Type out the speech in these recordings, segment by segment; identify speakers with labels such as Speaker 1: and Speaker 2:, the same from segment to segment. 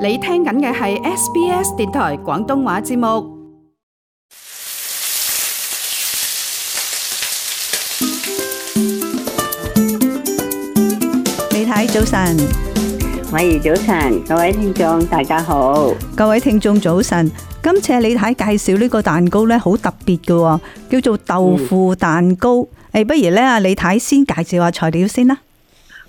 Speaker 1: 你聽緊嘅係 SBS 電台廣東話節目。李太早晨！喂早晨，各位聽眾大家好，各位聽眾早晨。今次李太介紹呢個蛋糕咧，好特別嘅，叫做豆腐蛋糕。誒，不如咧，阿李太先介紹下材料先啦。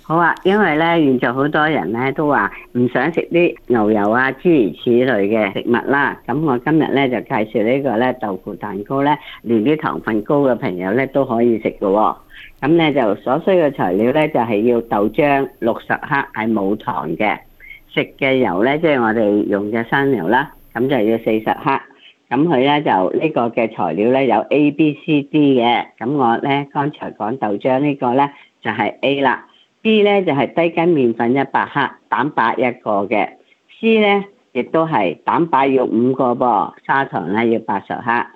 Speaker 2: 好啊，因為咧，現在好多人咧都話唔想食啲牛油啊、諸如此類嘅食物啦。咁我今日咧就介紹呢個咧豆腐蛋糕咧，連啲糖分高嘅朋友咧都可以食嘅喎。咁咧就所需嘅材料咧就係要豆漿六十克，係冇糖嘅。食嘅油咧，即係我哋用嘅生油啦。咁就要四十克。咁佢咧就呢個嘅材料咧有 A、B、C、D 嘅。咁我咧剛才講豆漿呢個咧就係 A 啦。B 咧就係低筋麵粉一百克，蛋白一個嘅。C 咧亦都係蛋白要五個噃，砂糖咧要八十克。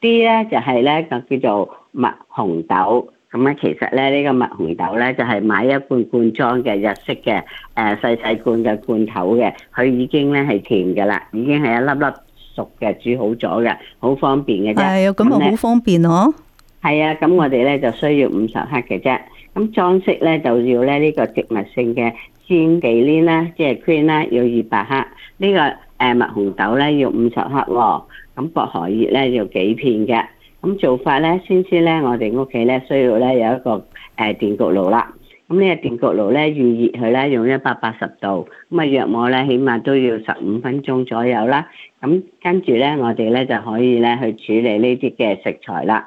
Speaker 2: D 咧就係咧就叫做蜜紅豆，咁咧其實咧呢個蜜紅豆咧就係買一罐罐裝嘅日式嘅，誒細細罐嘅罐頭嘅，佢已經咧係甜噶啦，已經係一粒粒熟嘅煮好咗嘅，方哎、好方便嘅啫。係啊，咁啊好方便哦。係啊，咁我哋咧就需要五十克嘅啫。咁裝飾咧就要咧呢個植物性嘅鮮忌廉啦，即係 cream 啦，要二百克。呢個誒蜜紅豆咧要五十克喎。咁薄荷葉咧要幾片嘅。咁做法咧先先咧，我哋屋企咧需要咧有一個誒電焗爐啦。咁呢個電焗爐咧預熱佢咧用一百八十度。咁啊藥我咧起碼都要十五分鐘左右啦。咁跟住咧我哋咧就可以咧去處理呢啲嘅食材啦。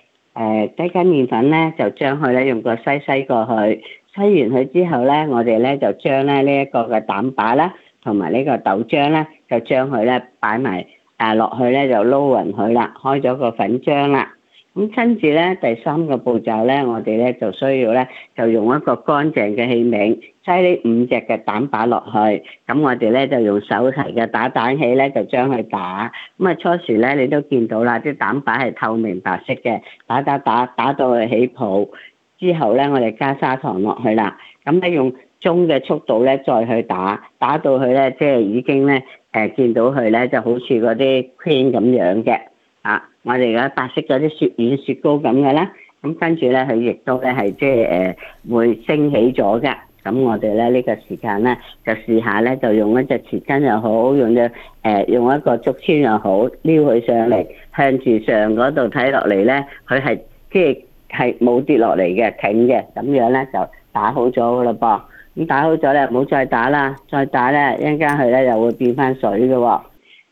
Speaker 2: 誒，低筋麵粉咧，就將佢咧用個篩篩過去，篩完佢之後咧，我哋咧就將咧呢一個嘅蛋白啦，同埋呢個豆漿咧，就將佢咧擺埋誒落去咧，就撈匀佢啦，開咗個粉漿啦。咁跟住咧，第三個步驟咧，我哋咧就需要咧，就用一個乾淨嘅器皿，擠呢五隻嘅蛋白落去。咁我哋咧就用手提嘅打蛋器咧，就將佢打。咁啊初時咧，你都見到啦，啲蛋白係透明白色嘅，打打打打到佢起泡。之後咧，我哋加砂糖落去啦。咁你用中嘅速度咧，再去打，打到佢咧，即係已經咧，誒、呃、見到佢咧，就好似嗰啲 cream 咁樣嘅。啊！我哋而家白色嗰啲雪軟雪糕咁嘅啦。咁跟住咧，佢亦都咧係即係誒會升起咗嘅。咁我哋咧呢、呢個時間咧，就試下咧，就用一隻匙羹又好，用咗誒、呃、用一個竹籤又好，撩佢上嚟，向住上嗰度睇落嚟咧，佢係即係係冇跌落嚟嘅，挺嘅。咁樣咧就打好咗嘅嘞噃。咁打好咗咧，唔好再打啦，再打咧一間佢咧又會變翻水嘅喎。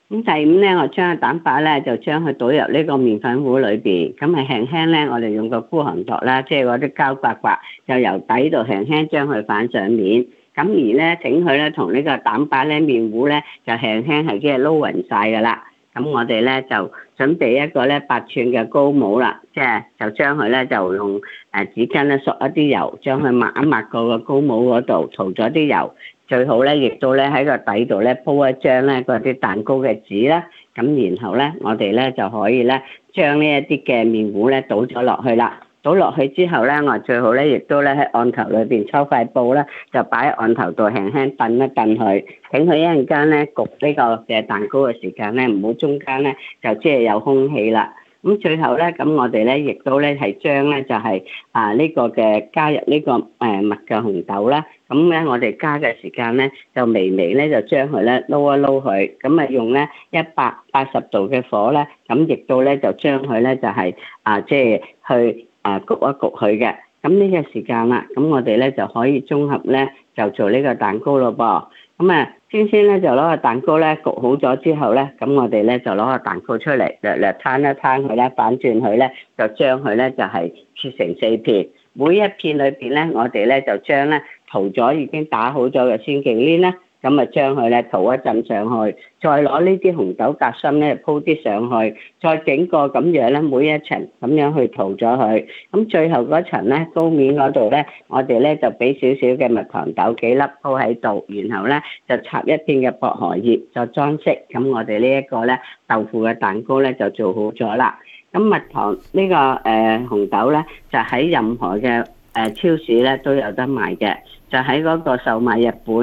Speaker 2: 咁第五咧，我將個蛋白咧就將佢倒入呢個麵粉裡面粉糊裏邊，咁係輕輕咧，我哋用個孤行托啦，即係嗰啲膠刮刮，就由底度輕輕將佢反上面，咁而咧整佢咧同呢，呢個蛋白咧麵糊咧就輕輕係即係撈匀晒噶啦。咁我哋咧就準備一個咧八寸嘅高模啦，即係就將佢咧就用誒紙巾咧索一啲油，將佢抹一抹個高模嗰度塗咗啲油。最好咧，亦都咧喺個底度咧鋪一張咧嗰啲蛋糕嘅紙啦，咁然後咧我哋咧就可以咧將呢一啲嘅麵糊咧倒咗落去啦，倒落去之後咧，我最好咧亦都咧喺案頭裏邊抽塊布啦，就擺喺案頭度輕輕揼一揼佢，等佢一陣間咧焗呢個嘅蛋糕嘅時間咧，唔好中間咧就即係有空氣啦。咁最後咧，咁我哋咧，亦都咧係將咧就係、是、啊呢、這個嘅加入呢、這個誒蜜嘅紅豆啦。咁咧，我哋加嘅時間咧，就微微咧就將佢咧撈一撈佢。咁、就是、啊，用咧一百八十度嘅火咧，咁亦都咧就將佢咧就係啊，即係去啊焗一焗佢嘅。咁呢個時間啦，咁我哋咧就可以綜合咧就做呢個蛋糕咯噃。咁啊～先先咧就攞個蛋糕咧焗好咗之後咧，咁我哋咧就攞個蛋糕出嚟略略攤一攤佢咧，反轉佢咧，就將佢咧就係、是、切成四片，每一片裏邊咧，我哋咧就將咧塗咗已經打好咗嘅鮮忌廉咧。咁啊，將佢咧塗一浸上去，再攞呢啲紅豆夾心咧鋪啲上去，再整個咁樣咧每一層咁樣去塗咗佢。咁最後嗰層咧糕面嗰度咧，我哋咧就俾少少嘅蜜糖豆幾粒鋪喺度，然後咧就插一片嘅薄荷葉做裝飾。咁我哋呢一個咧豆腐嘅蛋糕咧就做好咗啦。咁蜜糖呢、呢個誒、呃、紅豆咧就喺任何嘅誒、呃、超市咧都有得賣嘅。就喺嗰個售賣日本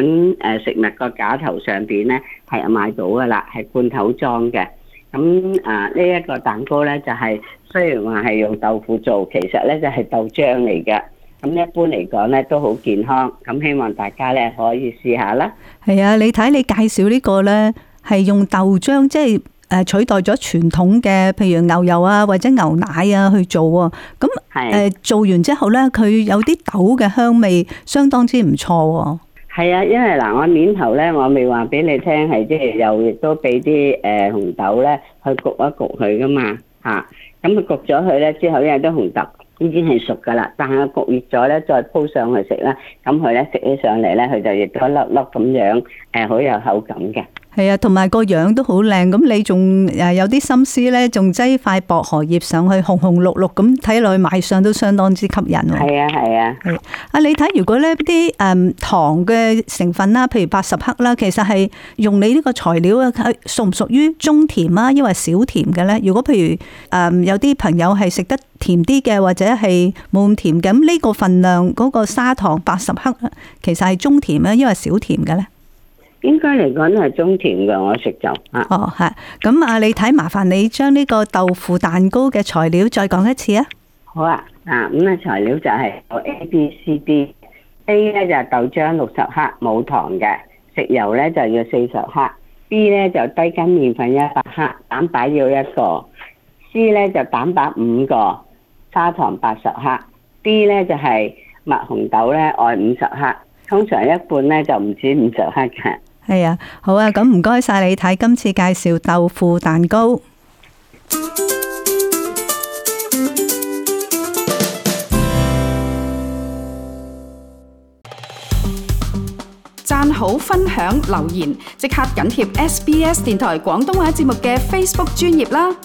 Speaker 2: 誒食物個架頭上邊咧，係有買到㗎啦，係罐頭裝嘅。咁啊，呢一個蛋糕咧，就係雖然話係用豆腐做，其實咧就係豆漿嚟嘅。咁一般嚟講咧，都好健康。咁希望大家咧可以試下啦。
Speaker 1: 係啊，你睇你介紹呢個咧，係用豆漿，即係。誒，取代咗傳統嘅，譬如牛油啊，或者牛奶啊，去做喎、啊。咁誒，的做完之後咧，佢有啲豆嘅香味，相當之唔錯。
Speaker 2: 係啊，因為嗱，我面頭咧，我未話俾你聽，係即係又亦都俾啲誒紅豆咧去焗一焗佢噶嘛。吓，咁佢焗咗佢咧之後，因為啲紅豆已經係熟噶啦，但係焗熱咗咧，再鋪上去食啦。咁佢咧食起上嚟咧，佢就亦都一粒粒咁樣，誒，好有口感嘅。
Speaker 1: 係啊，同埋個樣都好靚，咁你仲誒有啲心思咧，仲擠塊薄荷葉葉上去，紅紅綠綠咁，睇落去賣相都相當之吸引喎。係啊，係啊。啊，你睇如果呢啲誒糖嘅成分啦，譬如八十克啦，其實係用你呢個材料啊，屬唔屬於中甜啊，因為小甜嘅咧？如果譬如誒、嗯、有啲朋友係食得甜啲嘅，或者係冇咁甜嘅，咁呢個份量嗰個砂糖八十克，其實係中甜啊，因為小甜嘅咧。
Speaker 2: 應該嚟講都係中甜嘅，
Speaker 1: 我食就啊哦係，咁啊你睇麻煩你將呢個豆腐蛋糕嘅材料再講一次啊。
Speaker 2: 好啊，嗱，咁啊材料就係有 A B C D A 咧就係豆漿六十克冇糖嘅，食油咧就要四十克，B 咧就低筋麵粉一百克，蛋白要一個，C 咧就蛋白五個，砂糖八十克，D 咧就係蜜紅豆咧外五十克。通常一半咧就唔止五十克
Speaker 1: 嘅。係啊，好啊，咁唔該晒，你睇今次介紹豆腐蛋糕。讚好、分享、留言，即刻緊貼 SBS 電台廣東話節目嘅 Facebook 專頁啦。